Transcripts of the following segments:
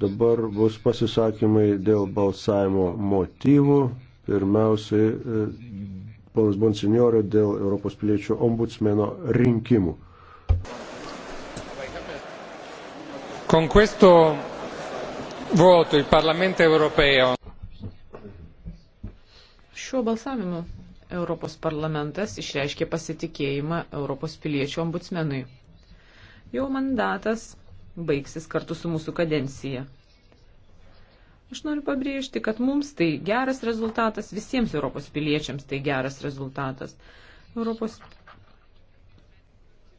Dabar bus pasisakymai dėl balsavimo motyvų. Pirmiausiai, e, ponas Bonsignorio dėl Europos piliečių ombudsmeno rinkimų. Con questo voto il Parlamento europeo. Šiuo balsavimu Europos parlamentas išreiškė pasitikėjimą Europos piliečių ombudsmenui. Jo mandatas baigsis kartu su mūsų kadencija. Aš noriu pabrėžti, kad mums tai geras rezultatas, visiems Europos piliečiams tai geras rezultatas. Europos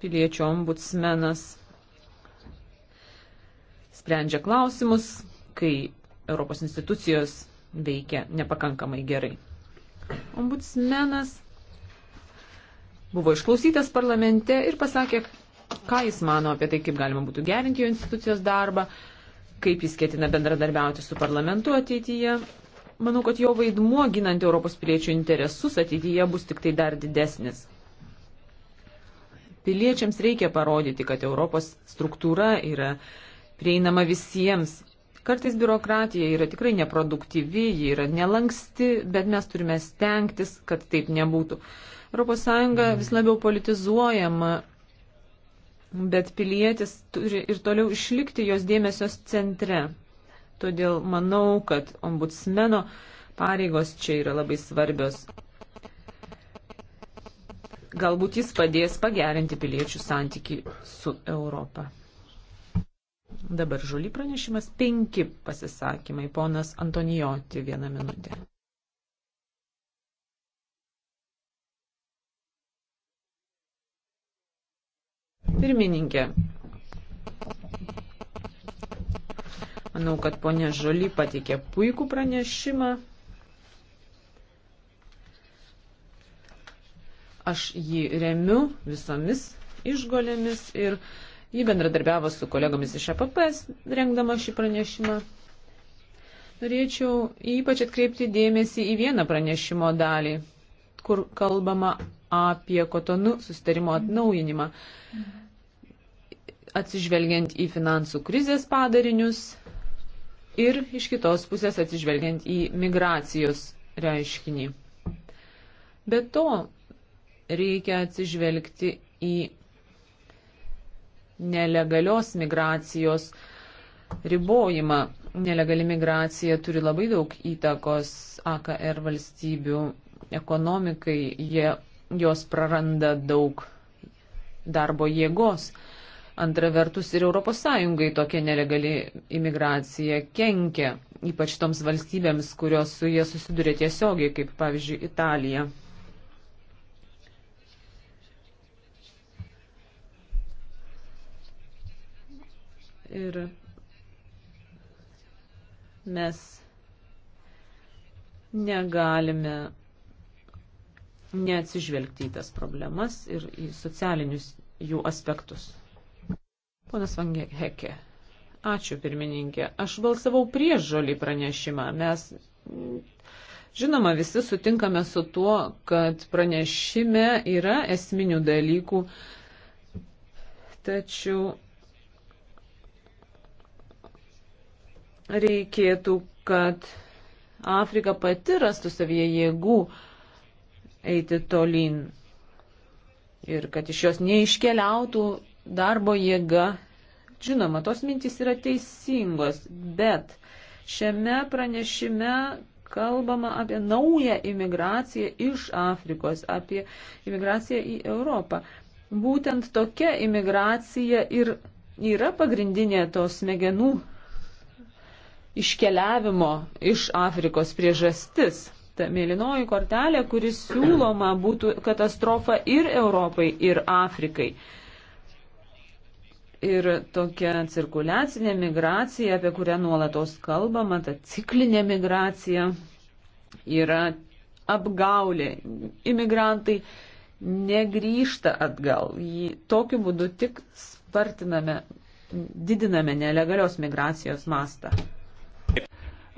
piliečių ombudsmenas sprendžia klausimus, kai Europos institucijos veikia nepakankamai gerai. Ombudsmenas buvo išklausytas parlamente ir pasakė, ką jis mano apie tai, kaip galima būtų gerinti jo institucijos darbą, kaip jis ketina bendradarbiauti su parlamentu ateityje. Manau, kad jo vaidmuo ginant Europos piliečių interesus ateityje bus tik tai dar didesnis. Piliečiams reikia parodyti, kad Europos struktūra yra prieinama visiems. Kartais biurokratija yra tikrai neproduktyvi, ji yra nelanksti, bet mes turime stengtis, kad taip nebūtų. ES vis labiau politizuojama bet pilietis turi ir toliau išlikti jos dėmesio centre. Todėl manau, kad ombudsmeno pareigos čia yra labai svarbios. Galbūt jis padės pagerinti piliečių santyki su Europą. Dabar žuli pranešimas, penki pasisakymai, ponas Antonijoti, vieną minutę. Pirmininkė. Manau, kad ponė Žoly patikė puikų pranešimą. Aš jį remiu visomis išgolėmis ir jį bendradarbiavo su kolegomis iš APP, rengdama šį pranešimą. Norėčiau ypač atkreipti dėmesį į vieną pranešimo dalį, kur kalbama apie kotonų susitarimo atnaujinimą, atsižvelgiant į finansų krizės padarinius ir iš kitos pusės atsižvelgiant į migracijos reiškinį. Be to, reikia atsižvelgti į nelegalios migracijos ribojimą. Nelegali migracija turi labai daug įtakos AKR valstybių ekonomikai, jie jos praranda daug darbo jėgos. Antra vertus ir ES tokia nelegali imigracija kenkia, ypač toms valstybėms, kurios su jie susiduria tiesiogiai, kaip pavyzdžiui Italija. Ir mes negalime neatsižvelgti į tas problemas ir į socialinius jų aspektus. Ponas Vangekė, ačiū pirmininkė. Aš balsavau prieš žolį pranešimą. Mes, žinoma, visi sutinkame su tuo, kad pranešime yra esminių dalykų, tačiau reikėtų, kad Afrika pati rastų savyje jėgų eiti tolyn ir kad iš jos neiškeliautų darbo jėga. Žinoma, tos mintys yra teisingos, bet šiame pranešime kalbama apie naują imigraciją iš Afrikos, apie imigraciją į Europą. Būtent tokia imigracija ir yra pagrindinė tos smegenų iškeliavimo iš Afrikos priežastis ta mėlynoji kortelė, kuris siūloma būtų katastrofa ir Europai, ir Afrikai. Ir tokia cirkuliacinė migracija, apie kurią nuolatos kalbama, ta ciklinė migracija yra apgaulė. Imigrantai negrįžta atgal. Jį tokiu būdu tik spartiname, didiname nelegalios migracijos mastą.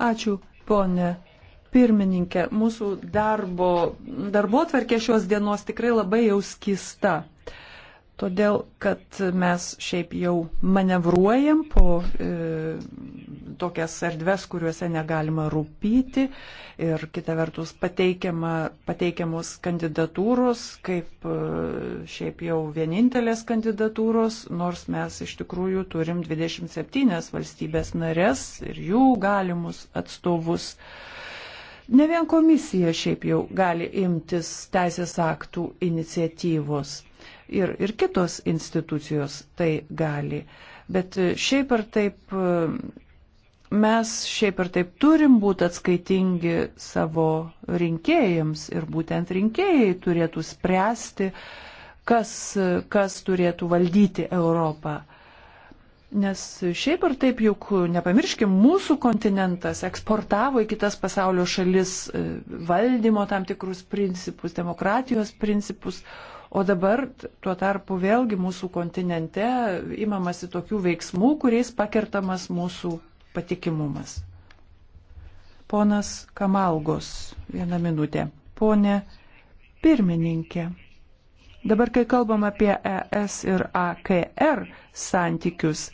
Ačiū, ponė pirmininkė, mūsų darbo, darbo tvarkė šios dienos tikrai labai jau skista. Todėl, kad mes šiaip jau manevruojam po e, tokias erdves, kuriuose negalima rūpyti ir kita vertus pateikiamos kandidatūros, kaip e, šiaip jau vienintelės kandidatūros, nors mes iš tikrųjų turim 27 valstybės narės ir jų galimus atstovus. E, Ne vien komisija šiaip jau gali imtis teisės aktų iniciatyvos ir, ir kitos institucijos tai gali. Bet e, šiaip ar taip e, mes šiaip ir taip turim būti atskaitingi savo rinkėjams ir būtent rinkėjai turėtų spręsti, kas, e, kas turėtų valdyti Europą. Nes šiaip ar taip juk, nepamirškim, mūsų kontinentas eksportavo į kitas pasaulio šalis e, valdymo tam tikrus principus, demokratijos principus, o dabar tuo tarpu vėlgi mūsų kontinente imamasi tokių veiksmų, kuriais pakertamas mūsų patikimumas. Ponas Kamalgos, vieną minutę. Pone pirmininkė. Dabar, kai kalbam apie ES ir AKR santykius,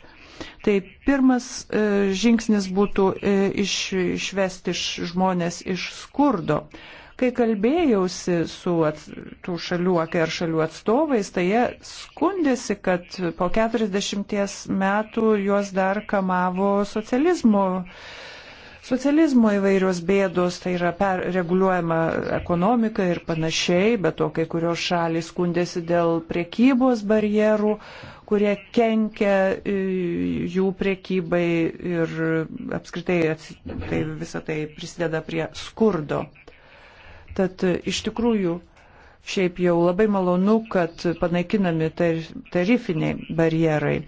Tai pirmas e, žingsnis būtų e, iš, išvesti žmonės iš skurdo. Kai kalbėjausi su at, tų šalių AKR šalių atstovais, tai jie skundėsi, kad po 40 metų juos dar kamavo socializmo socializmo įvairios bėdos, tai yra perreguliuojama ekonomika ir panašiai, bet to kai kurios šalys skundėsi dėl priekybos barjerų, kurie kenkia e, jų priekybai ir apskritai tai visą tai prisideda prie skurdo. Tad e, iš tikrųjų Šiaip jau labai malonu, kad panaikinami tarifiniai barjerai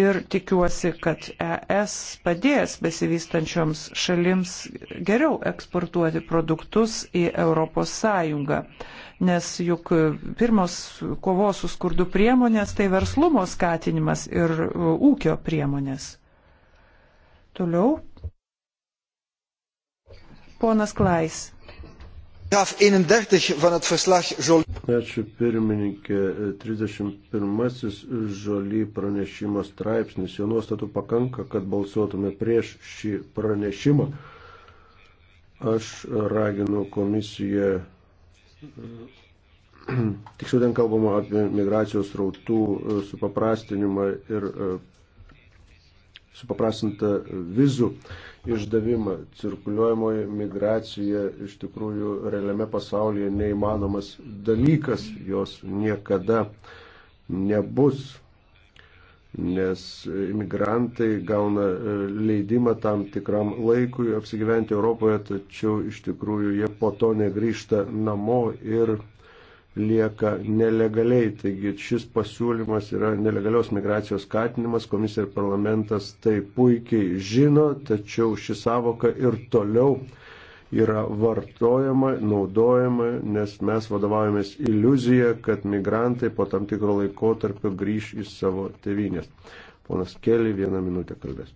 ir tikiuosi, kad ES padės besivystančioms šalims geriau eksportuoti produktus į ES, nes juk pirmos kovos su skurdu priemonės tai verslumo skatinimas ir ūkio priemonės. Toliau. Ponas Klais. Ačiū pirmininkė. 31 žoly pranešimo straipsnis. Jo nuostatų pakanka, kad balsuotume prieš šį pranešimą. Aš raginu komisiją, tiksliau ten kalbama apie migracijos rautų e, supaprastinimą ir e, supaprastintą vizų išdavimą. Cirkuliuojamoji migracija iš tikrųjų realiame pasaulyje neįmanomas dalykas, jos niekada nebus, nes imigrantai gauna e, leidimą tam tikram laikui apsigyventi Europoje, tačiau iš tikrųjų jie po to negrįžta namo ir lieka nelegaliai. Taigi šis pasiūlymas yra nelegalios migracijos skatinimas, komisija ir parlamentas tai puikiai žino, tačiau ši savoka ir toliau yra vartojama, naudojama, nes mes vadovaujamės iliuziją, kad migrantai po tam tikro laiko tarp grįž į savo tevinės. Ponas Keli vieną minutę kalbės.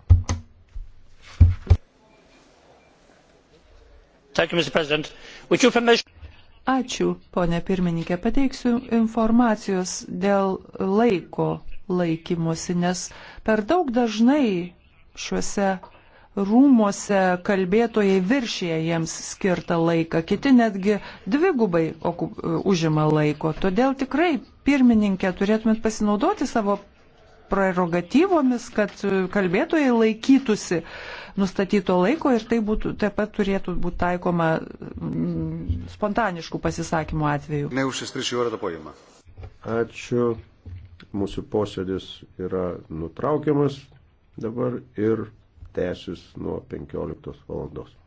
mr president with your permission Ačiū, ponė pirmininkė. Pateiksiu informacijos dėl laiko laikymosi, nes per daug dažnai šiuose rūmose kalbėtojai viršyje jiems skirtą laiką, kiti netgi dvigubai užima laiko. Todėl tikrai pirmininkė turėtumėt pasinaudoti savo prerogatyvomis, kad kalbėtojai laikytųsi nustatyto laiko ir tai būtų, taip pat turėtų būti taikoma spontaniškų pasisakymų atveju. Neužsis 3 orą to pojimą. Ačiū. Mūsų posėdis yra nutraukiamas dabar ir tęsis nuo 15 valandos.